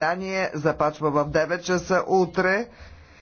заседание започва в 9 часа утре.